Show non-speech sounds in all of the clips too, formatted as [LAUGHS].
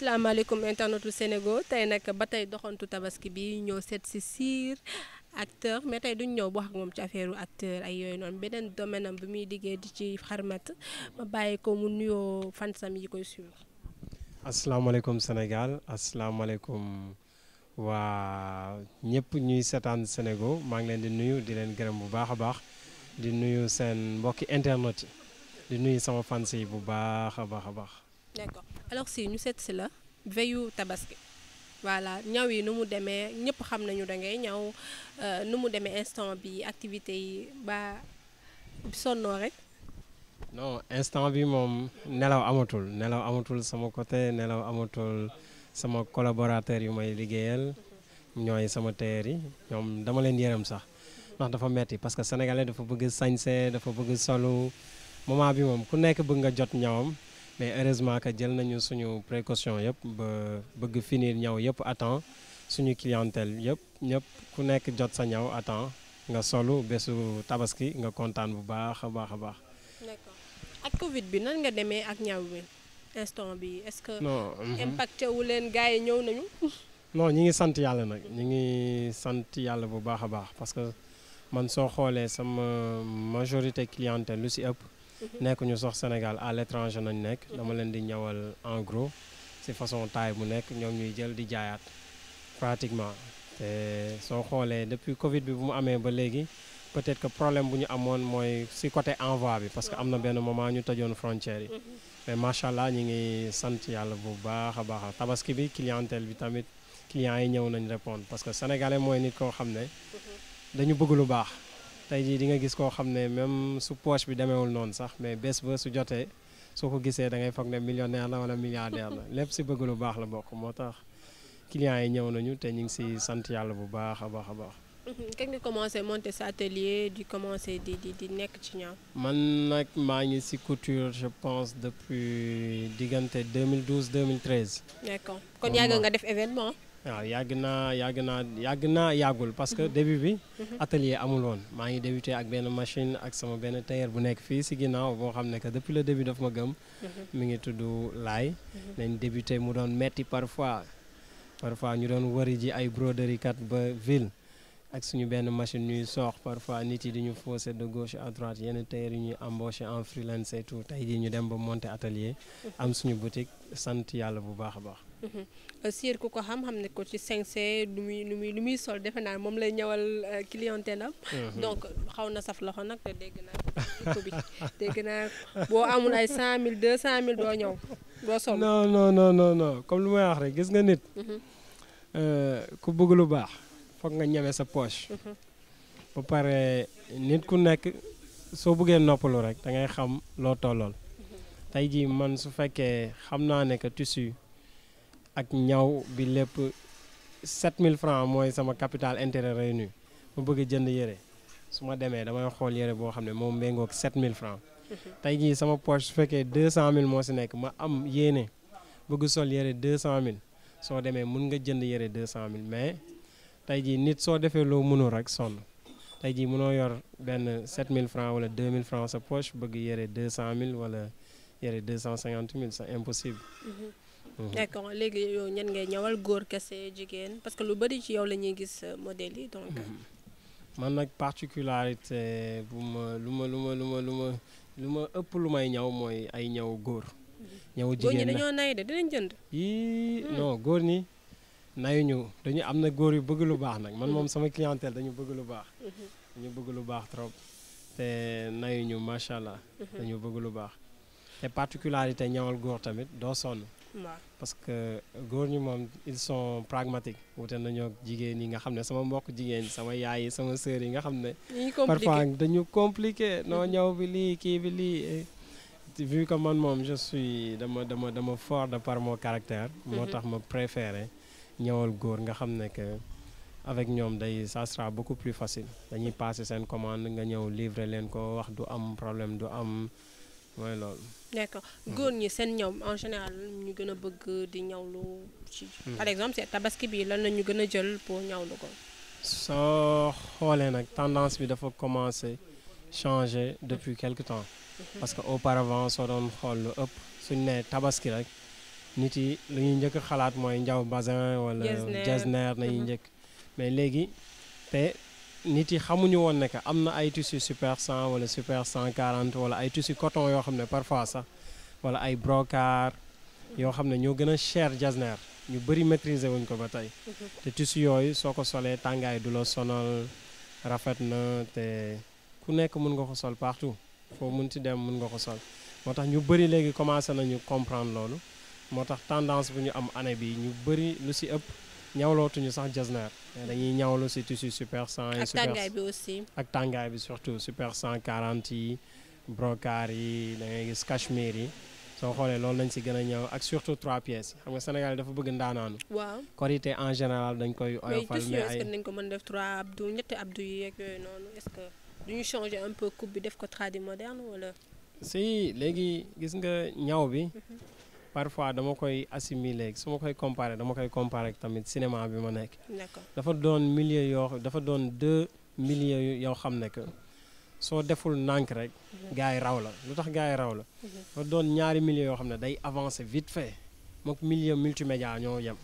asalaamaaleykum internetu Sénégal tey nag ba tey doxantu tabaski bii ñoo seet si siir acteur mais duñ ñëw wax ak moom ci affaire acteur ay yooyu noonu beneen domaine am bi muy liggéey di ci xarmat ma bàyyi ko mu nuyoo fansam yi koy suivre. asalaamaaleykum Sénégal asalaamaaleykum waa ñëpp ñuy seetaan Sénégal maa ngi leen di nuyu di leen gërëm bu baax a baax di nuyu seen mbokki internet yi di nuyu sama fans yi bu baax a baax a baax. d'accord alors si ñu seet la veillu tabaski voilà ñaw yi nu mu demee ñëpp xam nañu dangay ngay ñaw euh, nu mu demee instant bi activité yi ba sonnoo rek. non instant bi moom nelaw amatul nelaw amatul sama côté nelaw amatul sama collaborateur yu may liggéeyal ñooy sama teer yi ñoom dama leen yërëm sax ndax dafa metti parce que sénégalais dafa bëgg sañse dafa bëgg solu moment bi moom ku nekk bëgg nga jot ñawam. mais heureusement que jël nañu suñu précaution yëpp ba bëgg finir ñaw yëpp à temps suñu clientèle yëpp ñëpp ku nekk jot sa ñaw à temps nga solu bésu tabaski nga kontaan bu baax a baax a baax. d'accord ak Covid bi nan nga demee ak ñaw bi instant bi est-ce que. non mhm. wu leen gars yi ñëw nañu. [LAUGHS] non ñu ngi sant yàlla nag ñu ngi sant yàlla bu baax a baax parce que man soo xoolee sama majorité clientèle lu si ëpp. nekk ñu sax Sénégal à l'étranger nañu nekk dama leen di ñawal en gros ci façon taille bu nekk ñoom ñuy jël di jaayaat pratiquement te soo xoolee depuis Covid bi bu mu amee ba léegi peut-être que problème bu ñu amoon mooy ci côté envoi bi parce que am na benn moment ñu tajoon frontières yi mais macha allah ñu ngi sant yàlla bu baax a baax tabaski bi clientèle bi tamit clients yi ñëw nañ répondre parce que sénégalais mooy nit koo xam ne dañu bëgg lu baax tey jii di nga gis koo xam ne même su poche bi demeewul noonu sax mais bés ba su jotee soo ko gisee da ngay foog ne millionnaire la wala milliardaire la lépp si bëgg lu baax la bokk moo tax clients yi ñëw nañu te ñu ngi si sant yàlla bu baax a baax a baax. Mhm. kañ nga commencé monter sa atelier di commencé di di nekk ci ñaam. man nag maa ngi si couture je pense depuis diggante 2012 2013. d'accord kon yàgg nga def événement. waaw yàgg naa yàgg naa yàgg naa yàggul parce que début bi mhm. atelier amul woon maa ngi débuté ak benn machine ak sama benn tailleur bu nekk fii si ginnaaw boo xam ne que depuis le début daf ma gëm mhm. mi ngi tudd laay nañ mhm. débuté mu doon metti parfois parfois ñu doon wari ji ay broderie ba ville ak suñu benn machine ñuy soox parfois nit yi di ñu fausser de gauche à droite yenn tailleur yi ñuy embauché en freelance et tout tey jii ñu dem ba monter atelier. Mhm. am suñu boutique sant yàlla bu baax a baax. Mhm. Euh, Siir ku ko xam xam ne ko ci sañse lu muy lu muy lu muy sol defe naa moom lay ñawal euh, clientèle am. Mhm. donc xaw na saf loxo nag te dégg naa ko boo amul ay cent mille deux cent mille doo ñëw doo sol. non non non non non lu ma wax rek gis nga nit. Euh, ku bëgg lu baax. foog nga ñeme sa poche. Mhm. ba pare nit ku nekk soo buggee noppalu rek da ngay xam loo tollool. Mhm. tey jii man su fekkee xam naa ne que tissu ak ñaw bi lépp mille francs mooy sama capital intérêt réuni mu bëgg a jënd yére su ma demee damay xool yére boo xam ne moom méngoog mille francs mhm. tey ji sama poche su fekkee 200000 moo si nekk ma am yéene bëgg sol yére 200000 soo demee mun nga jënd yére 200000 mais. tey jii nit soo defee loo mënoo rek sonn tey jii mënoo yor benn 7000 francs wala 2000 francs sa poche bëgg yore 200000 wala yore 250000 c'est impossible. Mhm. Mhm. d'accord léegi yow ñan ngay ñawal góor kese jigéen parce que lu bari ci yow la gis euh, modèle yi donc. Mhm. man nag particularité bu ma lu ma lu ma lu ma lu ma lu ma ëpp lu may ñaw mooy ay ñaw góor. ñaw jigéen góor ñi dañoo hmm. góor ñi. ñu dañu am na góor yu bëgg lu baax nag man mhm. moom sama clientèle dañu bëgg lu baax mhm. dañu bëgg lu baax trop te ñu macha allah mhm. dañu bëgg lu baax te particularité ñawal góor tamit doo sonn parce que góor ñu moom ils sont pragmatiques wute nañoo jigéen yi nga xam ne sama mbokk jigéen sama yaay yi sama sœur yi nga xam ne parfois dañu compliqué non ñaw bi lii kii bi lii vu que man moom je suis dama dama dama fort de par moo caractère moo tax ma préféré ñëwal góor nga xam ne que avec ñoom day ça sera beaucoup plus facile dañuy passer seen commande nga ñëw livrer leen ko wax du am problème du am mooy loolu. d'accord mm. góor ñi seen ñëw en général ñu gën a bëgg di ñawlu lu mm. par exemple c'est tabaski bi lan la ñu gën a jël pour lu ko. soo xoolee nag tendance bi dafa commencer changer depuis quelque temps. Mm-hmm. parce que au auparavant soo doon xool lu ëpp suñ nee tabaski rek. nit yi lu ñuy njëkk xalaat mooy njaw bazin wala jesner nañuy mhm. njëkk mais léegi te nit yi xamuñu woon ne am na ay tissu super cent wala super 140 wala ay tissu coton yoo xam ne parfois sax wala ay brocart yoo xam ne ñoo gën a cher jesner ñu bëri maîtriser wuñ ko ba tey mhm. te tissu yooyu soo ko solee tàngaay du la sonal rafet na te ku nekk mun nga ko sol partout foo mun ci dem mun nga ko sol moo tax ñu bëri léegi commencé nañu comprendre loolu moo tax tendance bu ñu am année bi ñu bëri lu si ëpp ñawlootuñu sax jasner mm. dañuy ñawlu si tissu super cent yi. ak bi aussi. ak tàngaay bi surtout super 140 yi brocart yi da ngay gis cachemire yi. soo xoolee loolu lañ si gën a ñëw ak surtout trois pièces xam nga Sénégal dafa bëgg ndaanaanu. waaw korité en général dañ koy. oyofal mais ay nañ ko mën def trois abdou ñetti abdou yi ak yooyu noonu est-ce que duñu changer un peu coupe bi def ko tradi moderne wala. si léegi gis nga ñaw bi. Mm-hmm. parfois dama koy assimiler su ma koy comparer dama koy comparer tamit cinéma bi ma nekk. dafa doon milieu yoo dafa doon deux milieu yoo xam ne que soo deful nànk rek. Mhm. gars yi raw la lu tax gars yi raw la. Mhm. dafa doon ñaari millier yoo xam ne day avancer vite fait moog milieu multimédia ñoo yem.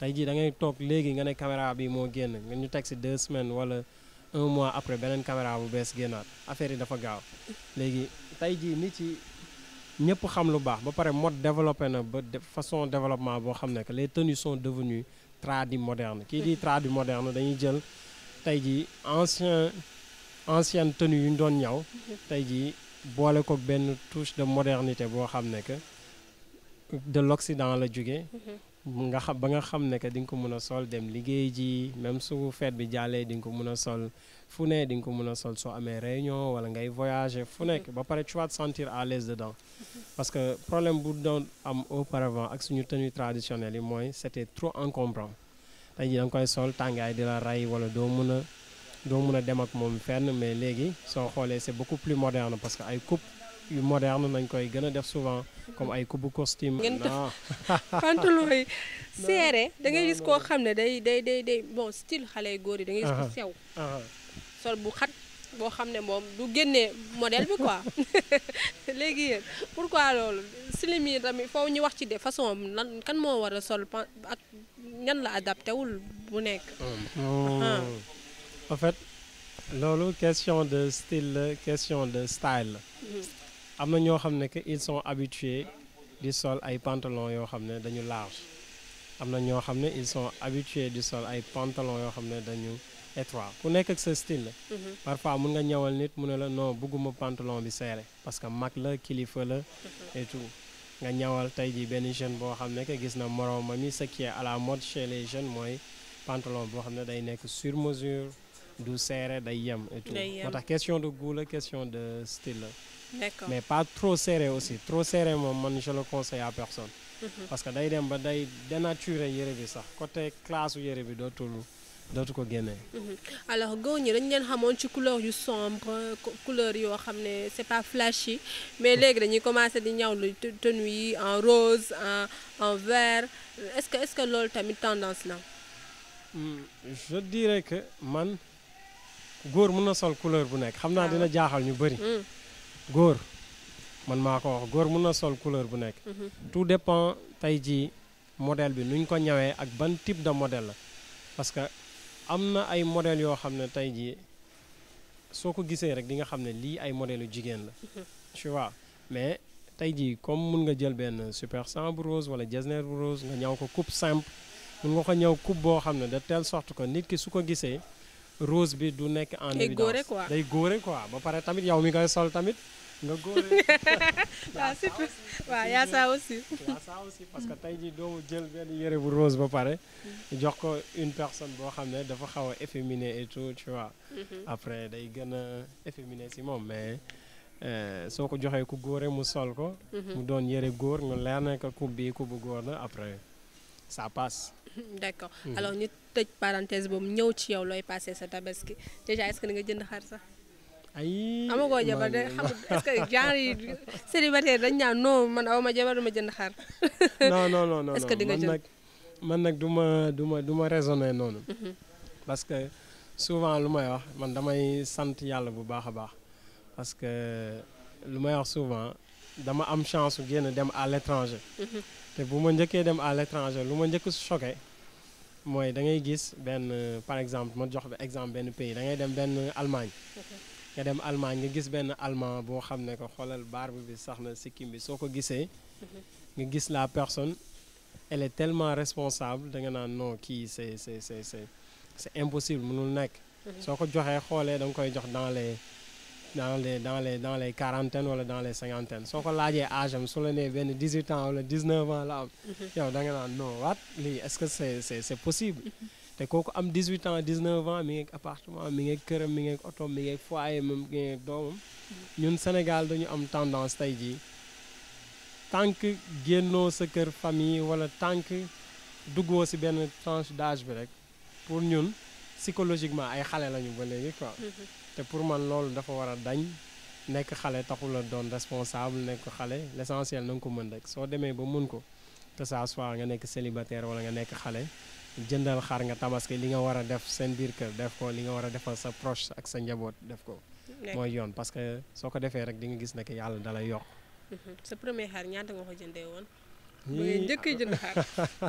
tey jii da ngay toog léegi nga ne caméra bi moo génn nga ñu teg si deux semaines wala. un mois après beneen caméra bu bees génnaat affaire yi dafa gaaw léegi tey jii nit yi ñëpp xam lu baax ba pare mode développé na ba façon développement boo xam ne que les tenues sont devenues tradi moderne kii di tradi moderne dañuy jël tey jii ancien ancienne tenue yu ñu doon ñaw tey jii boole ko benn touche de modernité boo xam ne que de l'Occident la jóge mm-hmm. nga xam ba nga xam ne que di nga ko mën a sol dem liggéey ji même su feet bi jàllee di nga ko mën a sol fu ne di nga ko mën a sol soo amee réunion wala ngay voyager fu nekk ba pare tu vas te sentir à l'aise dedans parce que problème bu doon am auparavant ak suñu tenue traditionnelle yi mooy c'était trop encombrant tey jii da nga koy sol tàngaay di la rey wala doo mën a doo mën a dem ak moom fenn mais léegi soo xoolee c'est beaucoup plus moderne parce que ay coupe yu moderne nañ koy gën a def souvent comme ay kubu costume. ngeen def [LAUGHS] pantalon yi seere da ngay gis koo xam ne day day day day bon style xale yu góor yi da ngay gis ko uh-huh. sew. Uh-huh. sol bu xat boo xam ne moom du génnee modèle bi quoi [LAUGHS] léegi yéen pourquoi loolu slim yi tamit foo ñu wax ci de façon lan kan moo war a sol ak ñan la adapté wul bu nekk. Oh. Ah. en fait loolu question de style question de style. Mm-hmm. am na ñoo xam ne que ils son habitués di sol ay pantalon yoo xam ne dañu large am na ñoo xam ne ils sont habitués di sol ay pantalon yoo xam ne dañu étroit ku nekk ak sa style la. Mhm. parfois mun nga ñëwal nit mu ne la no bëgguma pantalon bi serré parce que mag la kilifa la. Mhm. et nga ñawal tey jii benn jeune boo xam ne que gis na moroomam yi ce qui est à la mode chez les jeunes mooy pantalon boo xam ne day nekk sur mesure du serré day yem. et moo tax question de goût la question de style la. mais pas trop serré aussi trop serré moom man je le conseille à personne mhm. parce que day dem ba day dénaturer yëre bi sax côté classe u yëre bi dootul dootu ko génnee. Mhm. alors góor ñi dañu leen xamoon ci couleur yu sombre couleur yoo xam ne c'est pas flashy mais mm. léegi dañuy commencé di ñaw lu tenue yi en rose en en vert est-ce que est-ce que loolu tamit tendance la. Mm, je dirais que man góor mën na sol couleur bu nekk. xam naa ah. dina jaaxal ñu bëri. Mm. góor man maa ko wax góor mun na sol couleur bu nekk. Mhm. tout dépend tey jii modèle bi nuñ ko ñawee ak ban type de modèle la parce que am na ay modèles yoo xam ne tey ji soo ko gisee rek di nga xam ne lii ay modèles yu jigéen la. Mhm. tu mais tey jii comme mun nga jël benn super sang bu rose wala jesner bu rose nga ñaw ko coupe simple mun nga ko ñaw coupe boo xam ne de telle sorte que nit ki su ko gisee rose bi du nekk en évidence day góore quoi ba pare tamit yow mi koy sol tamit. nga góore [LAUGHS] waaw surtout waaw yaa saa aussi yaa saa aussi parce que tey jii doo jël benn yére bu rose ba pare mm-hmm. jox ko une personne boo xam ne dafa xaw a efféminé et tout tu mm-hmm. après day gën a si moom mais euh, soo ko joxee ku góore mu sol ko mm-hmm. mu doon yére góor nga leer na ko coupe bi bu góor la après ça passe [LAUGHS] d'accord alors ñu tëj parenthèse boobu ñëw ci yow looy passé sa tabaski te est-ce que nga jënd xar sax ay amagoo jabar de genre [LAUGHS] yi dañ ñaan non man aw ma jabar duma jënd xar. [LAUGHS] non non non non man nag du ma du ma du ma raisonné noonu. Mhm. parce que souvent lu may wax man damay sant yàlla bu baax a baax parce que lu may wax souvent dama am chance su génn dem à l'étranger. Mhm. te bu ma njëkkee dem à l'étranger lu ma njëkk choqué. mooy da ngay gis benn par exemple ma jox exemple benn pays da ngay dem benn Allemagne. nga dem Allemagne nga gis benn allemand boo xam ne ko xoolal barbe bi sax na sikkim bi soo ko gisee mhm. nga gis la personne elle est tellement responsable da nga naan non kii c'est c'est c'est c'est c'est impossible mënul nekk mhm. soo ko joxee xoolee danga koy jox dans les dans les dans les dans les quarantaines wala dans les cinquantaines soo ko laajee âge am su la nee benn dix huit ans wala dix neuf ans la am mhm. yow da nga naan non waat lii est-ce que c'est possible te kooku am 18 ans 19 ans mi ngi ak appartement mi ngi ak këram mi ngi ak oto mi ngi ak foyer mi ngi doomam ñun Sénégal dañu am tendance tey jii tànk génnoo sa kër famille wala tànk duggoo si benn tranche d'âge bi rek pour ñun psychologiquement ay xale lañu ba léegi quoi. Mm-hmm. te pour man loolu dafa war a dañ nekk xale taxul la doon responsable nekk xale l'essentiel na nga ko mën rek soo demee ba mun ko te ça soit nga nekk célibataire wala nga nekk xale. jëndal xar nga tabaski li nga war a def seen biir kër def ko li nga war a defal sa proche ak sa njaboot def ko. mooy yoon parce que soo ko defee rek di nga gis ne yàlla dalay yokk. Mhm. sa premier xar ñaata nga ko jëndee woon. njëkk jënd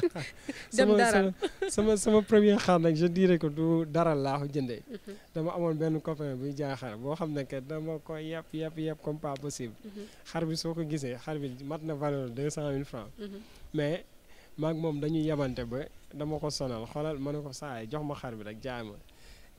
[LAUGHS] dem dara sama sama premier xar nag je dirais du dara laa ko jëndee. Mhm. dama amoon benn copain buy jaay boo xam ne que dama ko yeb yeb yeb comme pas possible. Mhm. xar bi soo ko gisee xar bi mat na valeur deux cent mille francs mais maag moom dañuy yabante ba. dama ko sonal xoolal ma ne ko saay jox ma xar bi rek jaay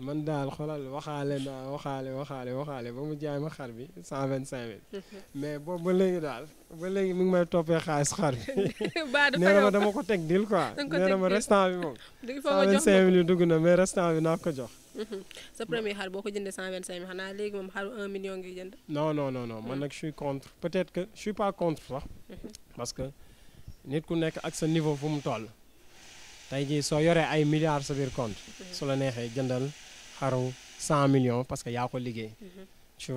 man daal xoolal waxaale naa waxaale waxaale waxaale ba mu jaay ma xar bi cent vingt cinq mille [LAUGHS] mais boobu ba léegi daal ba léegi mu ngi may toppee xaalis xar bi [LAUGHS] nee na ma dama ko teg dil quoi nee na ma restant bi moom [LAUGHS] na mais restant bi naa ko jox sa premier xar boo ko jëndee cent vingt cinq mille xanaa léegi moom xaru un man nag je contre peut-être que je suis pas contre sax parce que nit ku nekk ak sa niveau fu mu toll tey jii soo yoree ay milliards sa biir compte su la neexee jëndal xaru 100 million parce que yaa ko liggéey mhm. tu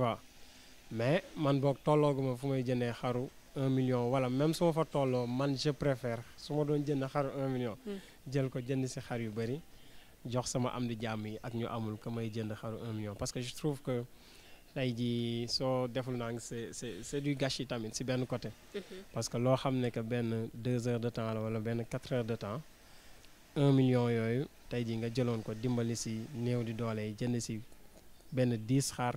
mais man boog tollooguma fu may jëndee xaru 1 million wala même su ma fa tolloo man je préfère su ma doon jënd xaru 1 million mhm. jël ko jënd si xar yu bëri jox sama am di jàmm yi ak ñu amul que may jënd xaru 1 million parce que je trouve que tey jii soo deful naa ngi c'est c'est c'est du tamit si benn côté mhm. parce que loo xam ne que benn deux heures de temps wala benn quatre heures de temps un million yooyu tey ji nga jëloon ko dimbali si néew di doole yi jënd si benn dix xar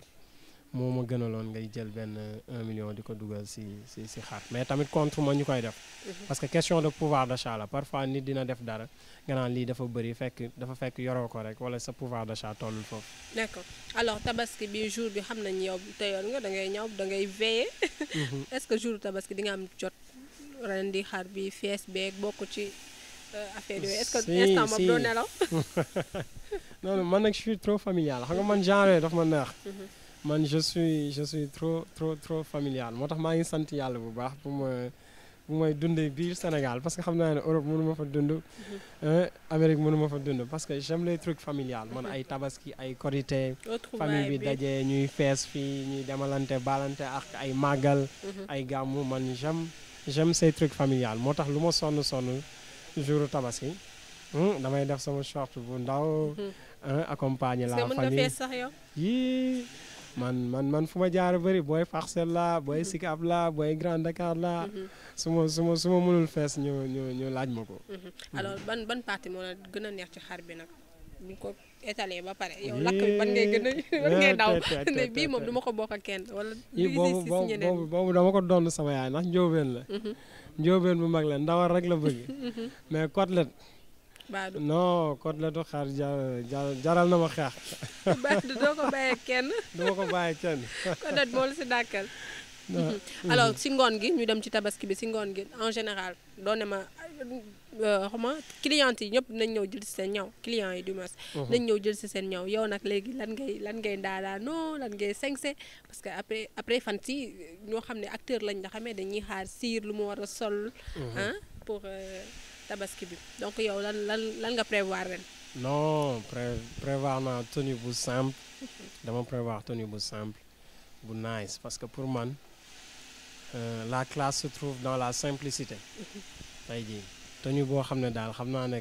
moo ma gënaloon ngay jël benn un million di ko dugal si si si xar mais tamit contre ma ñu koy def. Mhm. parce que question de pouvoir d'achat la parfois nit dina def dara nga naan lii dafa bëri fekk dafa fekk yoroo ko rek wala sa pouvoir d'achat tollul foofu. d'accord alors tabaski bi jour bi xam nañ yow teyoon nga da ñaw da ngay veiller. Mhm. [LAUGHS] est-ce que jour tabaski di nga am di xar bi fees beeg bokk ci. affaire yooyu est-ce [LAUGHS] man nag je suis trop familial xam nga man genre daf ma neex. Mhm. man je suis je suis trop familial moo tax maa ngi sant yàlla bu baax bu ma bu dundee biir Sénégal parce que xam naa ne Europe mënu ma fa dund. Mhm. Euh, Amérique mënu ma fa dund parce que j'aime les trucs familial man ay tabaski ay korité famille bi dajee ñuy fees fii ñuy demalante baalante ak ay màggal. Mhm. ay gàmmu man j'aime j'aime ces trucs familial moo tax lu ma sonn sonn. jour tabaski hmm, damay def sama short bu ndaw. Mhm. accompagner la famille sax yow. yii man man man fu ma jaar bëri booy parcelle la booy mhm. Sicap la booy Grand Dakar la. Mhm. su ma su su mënul fees ñu ñu ñu laaj ma ko. alors ban ban partie la gën a neex ci xar bi nag. ko étalé ba pare yow lakk bi a moom du ko bokk kenn wala. boobu dama ko doon sama yaay ndax njóobeen la. njóobeen bu mag la ndawal rek la bëgg [LAUGHS] mais côtelette non côteletu xar jaral na ma xeex [LAUGHS] du doo ko bàyyee kenn [LAUGHS] du ma ko bàyyee kenn côtelette moo si dàkkal alors si ngoon gi ñu dem ci tabaski bi si ngoon gi en général doo ne ma Euh, xama clients yi ñëpp nañ ñëw jël si seen ñaw yi du moins mhm. nañ ñëw jël si seen ñaw yow nag léegi lan ngay lan ngay ndaalaanoo lan ngay sengse parce que après après fan si ñoo xam ne acteur lañ nga xamee dañuy xaar siir lu mu war a sol mhm. ah pour euh, tabaski bi donc yow lan lan lan nga prévoir ren non prévoir naa tenue bu simple [LAUGHS] dama prévoir tenue bu simple bu nice parce que pour man euh, la classe se trouve dans la simplicité mhm. tey jii tenue boo xam ne daal xam naa ne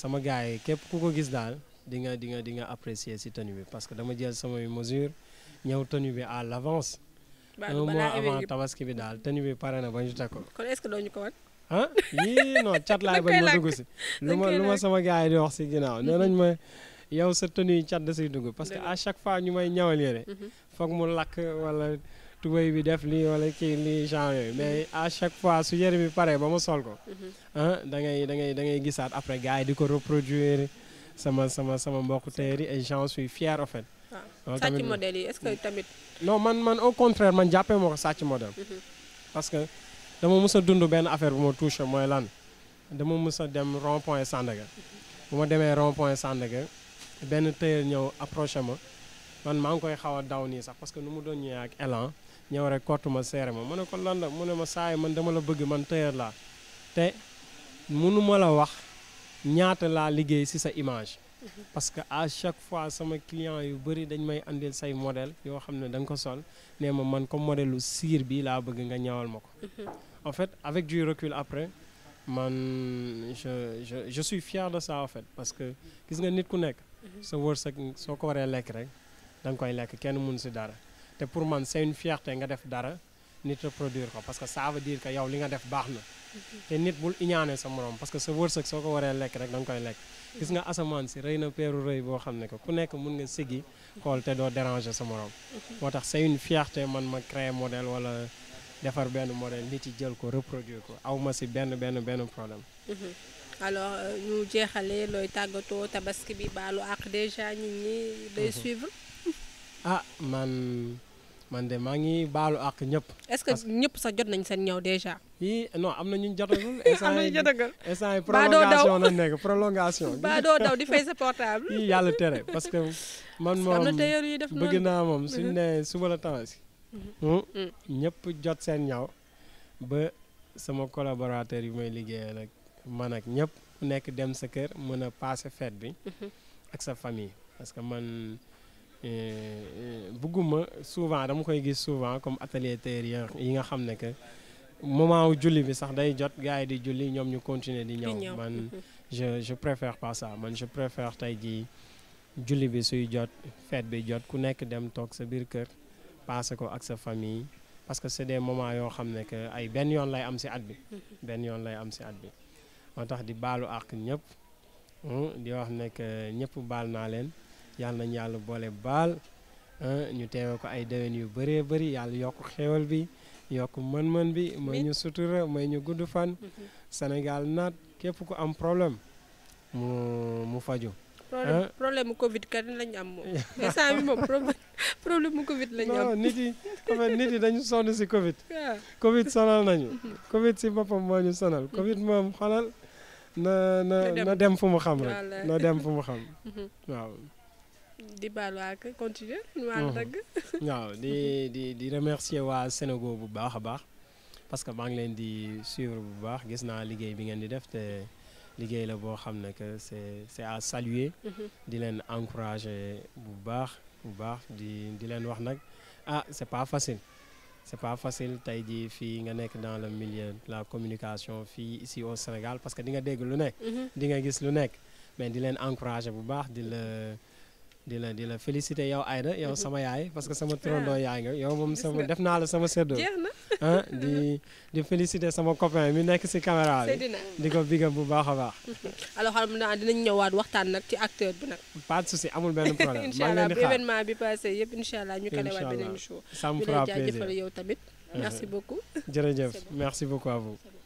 sama gars yi képp ku ko gis daal di nga di nga di nga apprécier si tenue bi parce que dama jël yu mesure ñëw tenue bi à l' avance. un mois avant tabaski bi daal tenue bi pare na ba ñu teg ko. ñu ko wan. ah yii non cat [LAUGHS] si. lu ma lu ma sama gars yi di wax si ginnaaw nee nañ ma. yow sa tenue yi cat da siy dugg parce que à chaque fois ñu may ñawal yére mhm. foog mu lakk wala. tubéy bi def lii wala kii lii genre yooyu mais à chaque fois su yëre bi pare ba ma sol ko mhm. ah da ngay da ngay da ngay gisaat après gars yi di ko reproduire sama sama sama mbokku teer yi et j'en suis fier en fait ah. Ah, sàcc modèle yi est-ce que tamit non man man au contraire man jàppee moo ko sàcc modèle mhm. parce que dama mës a dund benn affaire bu ma touché mooy lan dama mës a dem rond point Sandaga bu ma demee rond point Sandaga benn tailleur ñëw approché ma man maa ngi koy xaw a daw nii sax parce que nu mu doon ñëwee ak élan ñëw rek kott ma seere ma mu ne ko lan la mu ne ma saay man dama la bëgg man tëyër laa te mënuma la wax ñaata laa liggéey ci sa image parce que à chaque fois sama client yu bëri dañ may andil say modèle yoo xam ne da nga ko sol nee ma man ko modelu lu siir bi laa bëgg nga ñawal ma ko mhm. en fait avec du recul après man je je je suis fier de en fait parce que gis nga nit ku nekk mhm. sa wërsëg soo ko waree lekk rek da koy lekk kenn mënu si dara te pour man c'est une fierté nga def dara nit reproduire ko parce que sa veut dire que yow li nga def baax na te nit bul iñaane sa morom parce que sa wërsëg soo ko waree lekk rek danga koy lekk gis nga asamaan si rey na peeru rëy boo xam ne ko ku nekk mun nga siggi xool te doo déranger sa morom moo tax c'est une fierté man ma créer modèle wala defar benn modèle nit yi jël ko reproduire ko aw ma si benn benn benn problème mhm. alors euh, ñu jeexalee looy tàggatoo bi baalu àq déjà nit ñi man de maa ngi baalu ak ñëpp. est-ce que ñëpp sax jot nañ seen ñëw déjà. yii non am na ñu jotagul. [LAUGHS] am na ñu jotagul instant yi prolongation la nekk prolongation. [LAUGHS] ba daw di fay sa portable. yii yàlla tere parce que man moom bëgg naa moom suñu mhm. nee suba la temps si. Hmm? Mhm. ñëpp jot seen ñaw ba sama collaborateur yi may liggéeyal nag man ak ñëpp nekk dem sa kër mën a passé fête bi. Mhm. ak sa famille parce que man. Euh, euh, bugguma souvent dama koy gis souvent comme atelier tailleur yi nga xam ne que moment wu julli bi sax day jot gars yi di julli ñoom ñu continuer di ñëw man mm-hmm. je je préfère pas man je préfère tey jii julli bi suy jot fête bi jot ku nekk dem toog sa biir kër passé ko ak sa famille parce que c'est des moments yoo xam ne que ay benn yoon lay am si at bi mm-hmm. benn yoon lay am ci at bi moo tax di baalu àq ñëpp hmm, di wax ne que ñëpp baal naa leen yàlla nañu yàlla boole baal ah, ñu teewe ko ay déwén yu baree bëri yàlla yokk xéwal bi yokk mën-mën bi may ñu sutura may ñu gudd fan mhm. Sénégal naat képp ku am problème mu mu faju problème ah. mu Covid kat lañu am moom mais [LAUGHS] nit yi en nit yi dañu sonn si Covid. Ah. Covid sonal nañu. Mhm. Covid si boppam moo ñu sonal. Mhm. Covid moom xolal na na dem fu mu xam rek. na dem fu mu xam [LAUGHS] waaw. di baal waa mhm. ak continuer waaw di di di remercier waa Sénégal bu baax a baax parce que maa ngi leen di suivre bu baax gis naa liggéey bi ngeen di def te liggéey la boo xam ne que c'est c'est à saluer mhm. di leen encourager bu baax bu baax di di leen wax nag ah c'est pas facile c'est pas facile tey jii fii nga nekk dans le milieu de la communication fii ici au Sénégal parce que di nga dégg lu nekk mhm. di nga gis lu nekk mais di leen encourager bu baax di la di la di la félicité yow Aida sama yaay parce que sama ah. turandoo yaay nga yow moom sama def naa la sama séddoo [LAUGHS] ah di di félicité sama copain mi nekk si caméra bi di ko bigam bu baax a baax [LAUGHS] alors xam naa dinañ ñëwaat waxtaan nag ci acteur bi nag pas de souci amul benn problème [LAUGHS] incha allah bu événement bi passé yëpp incha allah ñu kalewaat beneen show ça me fera plaisir yow tamit merci beaucoup jërëjëf merci beaucoup à